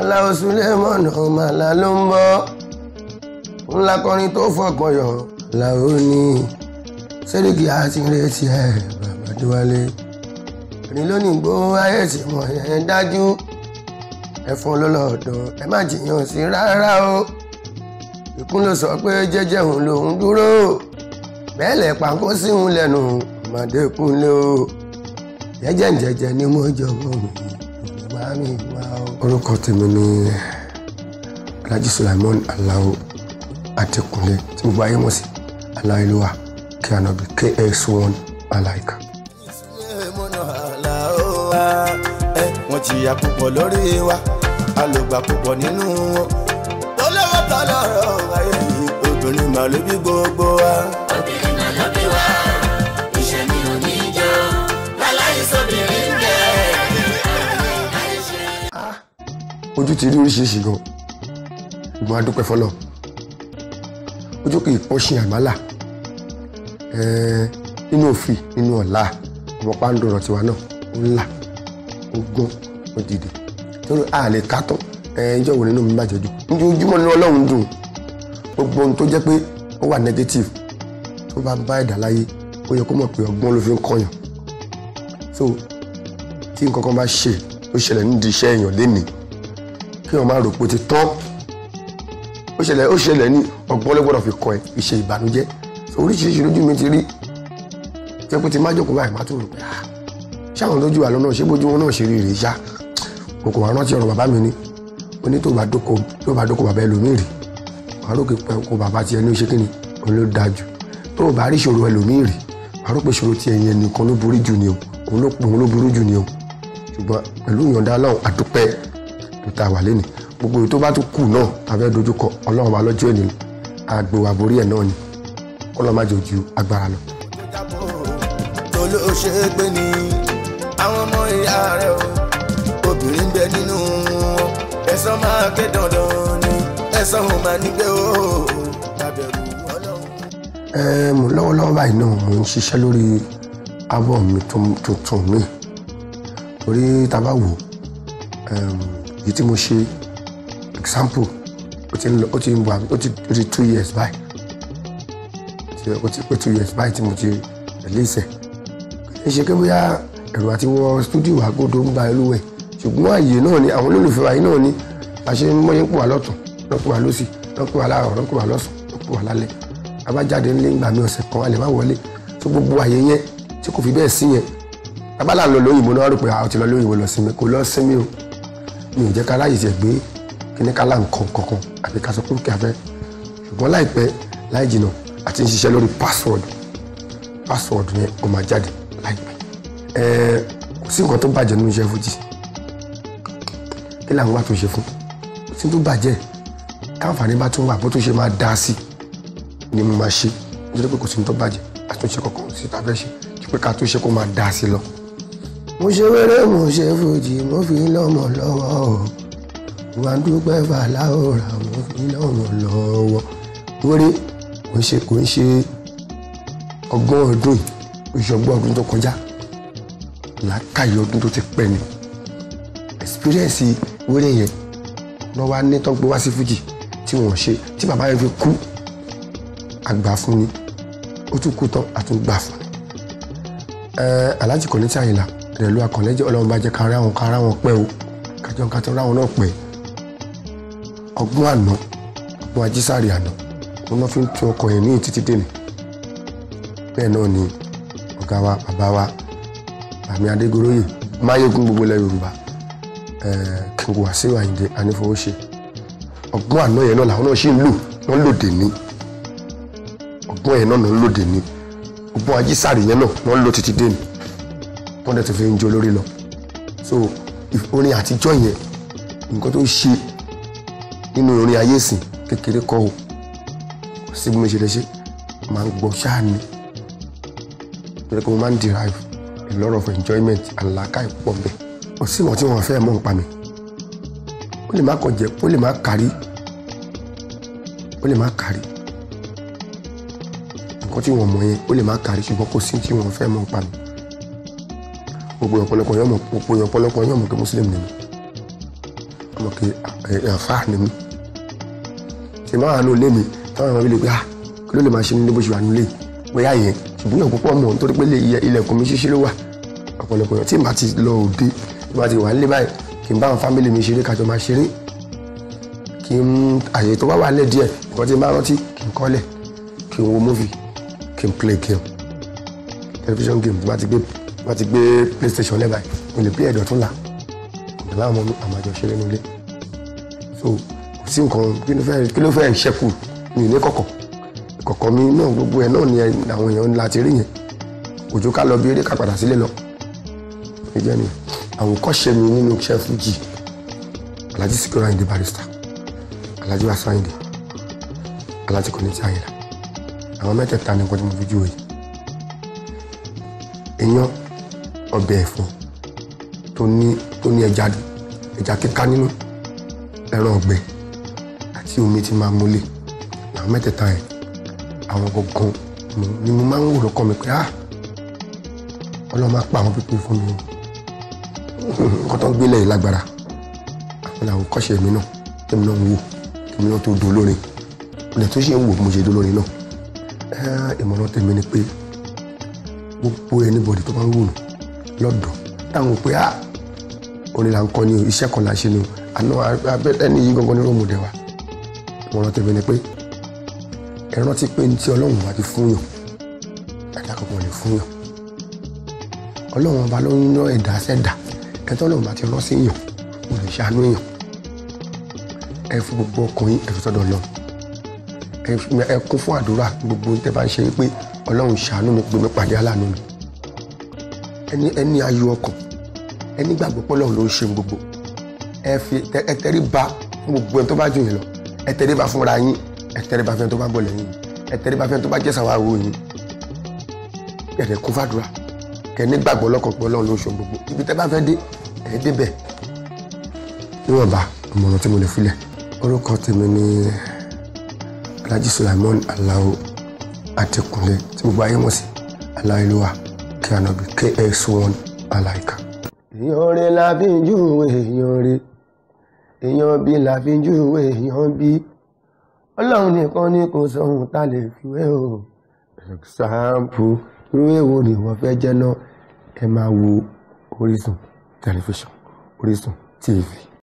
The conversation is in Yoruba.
aláwo suleiman ọmọ àlá ló ń bọ́ ńlá kọrin tó fọkàn yọ aláwo ní sẹ́ríkì àti ìrètí ẹ̀ bàbá díwálé ẹni lónìí gbówó ayé tí mọ̀ yẹn dájú ẹ̀fọn lọ́lọ́dọ̀ ẹ má jìyàn sí rárá o ìkún ló sọ pé jẹ́jẹ́ òun lòún dúró bẹ́ẹ̀ lẹ̀ pàǹkó sí òun lẹ́nu ọmọdé kúnlé o jẹ́jẹ́ jẹ́jẹ́ ni mo jọ wọ́n mi àmín orúkọ tèmi ni alhaji sulaimon alao adékúnlé tí gbogbo ayé mọ̀ sí aláìlúwa kí ànábi ks1 alaika. wọ́n jìyà púpọ̀ lórí wa a púpọ̀ nínú wọn. olówó lọ́rọ̀ ayé yìí obìnrin màlúù bí gbogbo wa. ojú ti rí oríṣiríṣi gan ṣùgbọ́n a dúpẹ́ fọlọ́ ojú kì í pọ́ṣin àmàlà nínú òfin nínú ọ̀la ọmọ pàǹdọ̀rọ̀ tiwa náà ó ńlá ó gbọ́n ó dìde torí a lè ká tán ẹjọ́ wo nínú mi bàjẹ́ dùn ojoojúmọ́ ní ọlọ́run dùn gbogbo ohun tó jẹ́ pé ó wà negative tó bá bá ẹ̀dá láyé ó yẹ kó mọ̀ pé ọgbọ́n ló fi ń kọyàn so tí nǹkan kan bá ṣe tó ṣẹlẹ̀ nídìí iṣẹ́ èèyàn lénìí kí wọ́n máa rò pé ti tán ó ṣẹlẹ̀ ó ṣẹlẹ̀ ní ọgbọ́n lọ́gbọ́dọ̀ fi kọ ẹ ìṣe ìbànújẹ́ oríṣiríṣi lójú mi ti rí jẹ́ pé ti má jókòó báyìí má tó rò pé ah ṣáwọn lójú àlọ́ náà ṣé bójú wọn náà ṣe rí rèé ṣá mo kò wá ọ̀rọ̀ bàbá mi ni mo ní tó bá dóko tó bá dóko bàbá ẹlòmíì rí wàá rò pé kó bàbá tiẹ̀ ní ó ṣe kí ni òun ló dáa jù tó o bá rí ìṣòro ẹlòmíì rí wàá pé ìṣòro tiẹ̀ yẹn nìkan ló burú jù ni o òun ló burú jù ni o ṣùgbọ́n pẹ̀lú ìyọ̀ǹda Ọlọ́run àdúpẹ́ tá a wà lẹ́nu gbogbo èyí tó bá tún kù náà tá a fẹ́ dojú kọ ọlọ́run wa lọ́jọ́ ènìyàn àgbèwà borí ẹ̀ náà ni kọ́lọ́ jò ju agbára lọ. tolu o ṣe é lọ́wọ́lọ́wọ́ báyìí náà mò ń ṣiṣẹ́ lórí album mi tuntun mi torí tá bá wò ó èyí tí mo ṣe example ó ti ń lọ ó ti ń wà ti ó ti two years báyìí ó ti pé two years báyìí tí mo ti release ẹ̀ kì í ṣe pé bóyá ẹ̀rọ àti wọ studio àgọ́dọ̀ ń ba olúwẹ̀ ṣùgbọ́n àyè náà ni àwọn olólùfẹ́ wa yìí náà ni àṣẹ mọ́yé ń pò wá lọ́tún náà pò wá lọ́sì náà pò wá láàrọ̀ náà pò wá lọ́sùn náà pò wá lálẹ́ abájáde ńlẹ́ ńgbà mi ọ̀sẹ̀ kan alẹ́ bá wọlé tó gbogbo àyè yẹn tí kò fi bẹ́ẹ̀ sí yẹn abala lọ lóyìnbó náà rò pé àwọn ti lọ lóyìnbó lọ sinmi kò lọ sinmi o mi ò jẹ́ ká láyè ṣe gbé kíní ká lá nǹkan kankan àbí ká sọ pé kí a fẹ́ ṣùgbọ́n láìpẹ́ láì jìnnà àti ń ṣiṣẹ́ lórí password password yẹn ó máa jáde láìpẹ́ ẹ̀ẹ́ kò sí nǹkan tó bàjẹ́ nínú iṣẹ́ fújì kí làwọn wà tó ṣe fún kò sí tó bàjẹ́ káǹfààní bá tún wà bó tó ṣe máa dá sí ni mo máa ṣe nítorí pé kò sí tó bàjẹ́ àtúnṣe kankan sí tá a kí pé ká tó ṣe kó máa dá sí lọ mo ṣe wéré mo ṣe fòjì mo fi lọ́mọ lọ́wọ́ o wà á dúpẹ́ fàlàhùrà mo fi lọ́mọ lọ́wọ́ wéré kò ṣe kò ń ṣe ọgbọ́n ọdún ìṣọgbọ́n ọdún tó kọjá làákàyè ọdún tó ti pẹ́ ni experience wéré yẹn lọ́wọ́ á ní tọ́gbọ́n wá sí fújì tí wọ́n ṣe tí bàbá yẹn fi kú àgbà fún ni ó tún kú tán àtúngbà fún ni aláàjì kọ́ni tí àyìnlá ìrẹ̀lú akọ̀lẹ́jẹ́ ọlọ́run bá jẹ́ ká ara wọn ká ara wọn pẹ́ o kájọ ká tọ́ ara wọn náà pẹ́ ọgbọ́n àná ọgbọ́n ajísàrè àná wọn náà fi ń tún ọkọ̀ yẹn ní títí dènì bẹ́ẹ̀ náà ni ọ̀gá wa bàbá wa àmì adégoróyè máyégún gbogbo ilẹ̀ yorùbá kíngù wàsíù àyìndé anífowóṣe ọgbọ́n àná yẹn náà làwọn náà ṣì ń lò wọ́n lò dèní ọgbọ́n yẹn náà ló lò dèní ọgbọ́n ajísàrè yẹn náà ló lò títí dèní wọ́n dẹ̀ tún fi ń jó lórí lọ so orin àtijọ́ yẹn nǹkan tó ṣe nínú orin ayé ìsìn kékeré kọ́ o sí bí mo ṣe lè ṣe máa ń gbọ́ ṣáà ni lórí pé mo máa ń derive a lot of enjoyment àlàkà ìpọ̀ bẹ̀ kò sí ìwọ̀n tí wọ́n fẹ́ mọ̀ nípa mi ó lè má kàn ó lè má kárí ó lè má kárí nǹkan tí wọ́n mọ̀ yẹn ó lè má kárí ṣùgbọ́n kò sí tí wọ́n fẹ́ mọ̀ nípa mi gbogbo ọ̀pọ̀lọpọ̀ yẹn mọ̀ gbogbo ọ̀pọ̀lọpọ̀ yẹn mọ̀ pé muslim ni mi mọ̀ pé àfa ni mi ṣe máa wà ní olé mi táwọn ọmọ mi lè gbé à kí ló lè máa ṣe ní bó ṣe wà nílé bóyá yẹn ṣùgbọ́n yàn púpọ̀ mọ̀ nítorí pé ilẹ̀kùn mi ṣíṣí ló wà ọ̀pọ̀lọpọ̀ yẹn tí n bá ti lọ òde tí n bá ti wà nílé báyìí kí n bá àwọn fámìlì mi ṣeré kájọ máa ṣeré kí n àyè tó bá wà lẹ̀ díẹ̀ nǹkan tí n bá rántí kí n kọ́lẹ̀ kí n wo múfì kí n play game television game tí n bá ti gbé bá ti gbé playstation lẹ́bàá mo lè play ẹ̀dọ̀tún là ọ̀dọ̀ láwọn ọmọ àmọ́ àjọ ṣeré nílé so kò sí nǹkan kí ló fẹ́ẹ́ ṣẹ́kù mi ò ní kọ̀kọ̀ kọ̀kọ̀ mi náà gbogbo ẹ̀ náà ni àwọn èèyàn ńlá ti rí yẹn òjò ká lọ bí eré ká padà sílé lọ ìjẹ́ ni àwòkọ́ṣe mi nínú iṣẹ́ fújì Alhaji Sikiru Ayinde Barrister Alhaji Wasiu Ayinde Alhaji Kollington Ayinla àwọn mẹ́tẹ̀ẹ̀ta ni nǹkan tí mo fi jù wọ̀nyí èèyàn ọbẹ̀ ẹ̀fọ́ tó ní tó ní ẹja ẹja kíká nínú ẹran ọ̀gbẹ́ àti omi tí máa múlẹ̀ làwọn mẹ́tẹ̀ẹ̀ta yẹn àwọn gangan ni mo máa ń wò lọ́kàn mi pé ah ọlọ́run máa pa àwọn pípé fún mi nǹkan tó ń gbélé yìí lágbára àwọn làwọn kọ́ṣe mi náà tèmi náà ń wò tèmi náà tó do lórin ilẹ̀ tó ṣe ń wò mo ṣe do lórin náà ìmọ̀ràn tèmi ni pé gbogbo anybody tó bá ń wò nù lọ́dọ̀ táwọn pé a orin là ń kọ́ ni o iṣẹ́ kan là ń ṣe ni o àná ẹni yìí gangan ní ròmù dẹ̀ wa wọn rántí mi ni pé ẹ rántí pé ní tí ọlọ́run bá ti fún yàn ẹ̀dá kankan lè fún yàn ọlọ́run ọba ló ń rán ẹ̀dá sẹ́dá ẹ̀ tí ọlọ́run bá ti rán sí yàn kò lè ṣàánú yàn ẹ fi gbogbo ọkàn yín ẹ fi sọ́dọ̀ lọ ẹ kún fún àdúrà gbogbo tẹ bá ń ṣe pé ọlọ́run ṣàánú mi pé mi pàdé aláàánú mi ẹni ẹni ayọ̀ ọkàn ẹni gbàgbọ́ pọ́lọ́ ló ń ṣe gbogbo ẹ fi ẹ tẹrí ba fún gbogbo ẹni tó bá jù yín lọ ẹ ba fúnra yín ẹ ba fẹ́ni tó bá bọ̀ lẹ́yìn ẹ ba fẹ́ni tó bá jẹ́ sàwárò yín kẹ̀dẹ̀ kún fàdúrà kẹ̀ni gbàgbọ́ lọ́kàn pọ́lọ́ ló ń ṣe gbogbo ibi tẹ́ bá fẹ́ dé ẹ̀ dé bẹ̀ níwọ̀nba ìmọ̀ràn tí mo lè filẹ̀ orúkọ tèmi ni Alhaji Sulaimon Alao Adékúnlé tí gbogbo ayé mọ̀ sí aláìlúwa kí KS1 Alaika. èèyàn rẹ̀ la fi ń júwe èèyàn rẹ̀ èèyàn bí la fi ń júwe èèyàn bí ọlọ́run nìkan ni kò sọ ohun tá a lè fi wé o ṣàǹpù irú èwo ni wọ́n fẹ́ jẹ́ náà ẹ máa wo Orísun tẹlifíṣàn Orísun TV.